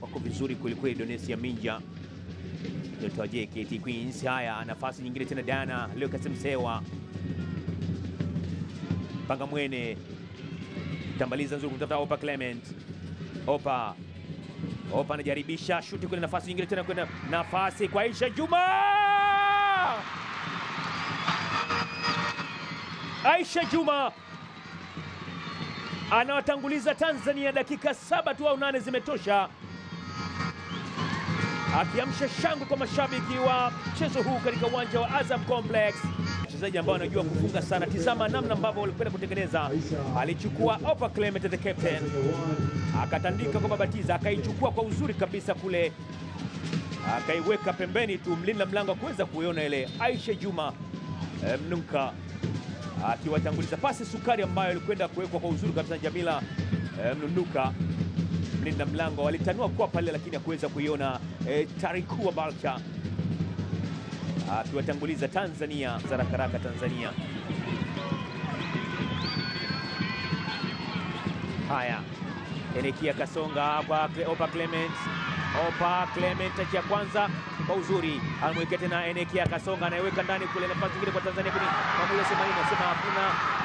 wako vizuri kwelikweli. Donesia Minja nyota JKT Queens. Haya, nafasi nyingine tena Diana Lucas Msewa, mwene tambaliza nzuri kumtafuta Opa Clement. Opa Opa anajaribisha shuti kwenye nafasi nyingine tena, kwenda nafasi kwa Aisha Juma. Aisha Juma anawatanguliza Tanzania, dakika saba tu au nane zimetosha akiamsha shangwe kwa mashabiki wa mchezo huu katika uwanja wa Azam Complex. Mchezaji ambao anajua kufunga sana, tizama namna ambavyo walikwenda kutengeneza. Alichukua Opa Clement the captain, akatandika kwa Babatiza, akaichukua kwa uzuri kabisa kule, akaiweka pembeni tu, mlinda mlango akuweza kuiona ile. Aisha Juma eh, Mnunka akiwatanguliza pasi sukari ambayo ilikwenda kuwekwa kwa uzuri kabisa Jamila eh, Mnunuka mlinda mlango walitanua kwa pale, lakini hakuweza kuiona e, eh, Tarikuwa Balcha akiwatanguliza Tanzania zarakaraka Tanzania. Haya, Enekia Kasonga Opa Clement, Opa Clement ya kwanza kwa uzuri anamwekea tena Enekia Kasonga anayeweka ndani kule, nafasi nyingine kwa Tanzania, lakini Mwamuzi Sumaini hakuna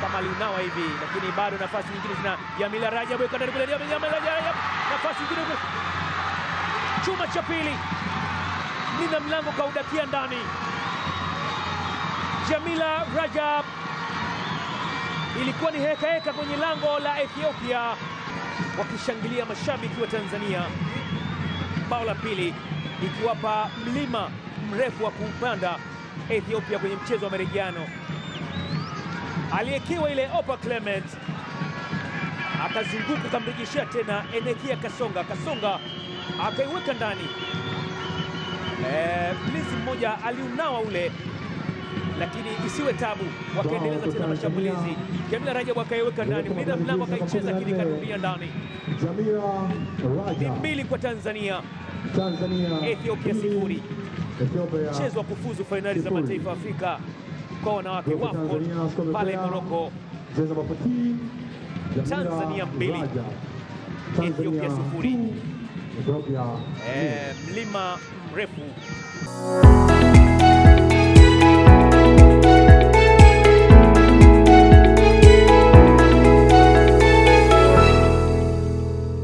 kama liunawa hivi, lakini bado nafasi nyingine zina Jamila rajab yuko ndani kule, Jamila Rajab nafasi nyingine chuma cha pili, nina mlango kaudakia ndani. Jamila Rajab ilikuwa ni heka heka kwenye lango la Ethiopia, wakishangilia mashabiki wa Tanzania. Bao la pili ikiwapa mlima mrefu wa kupanda Ethiopia kwenye mchezo wa marejiano aliyekiwa ile opa Clement akazunguka akamrejeshea tena Enekia Kasonga. Kasonga akaiweka ndani. E, mmoja aliunawa ule, lakini isiwe tabu, wakaendeleza tena mashambulizi. Jamila rajabu akaiweka ndani, mlinda mlango akaicheza, lakini kadumia ndani. Ni mbili kwa Tanzania, Tanzania Ethiopia sifuri. Mchezo wa kufuzu fainali za mataifa Afrika kwa wanawake wa AFCON pale Morocco. Tanzania mbili Ethiopia sifuri. Eh, mlima mrefu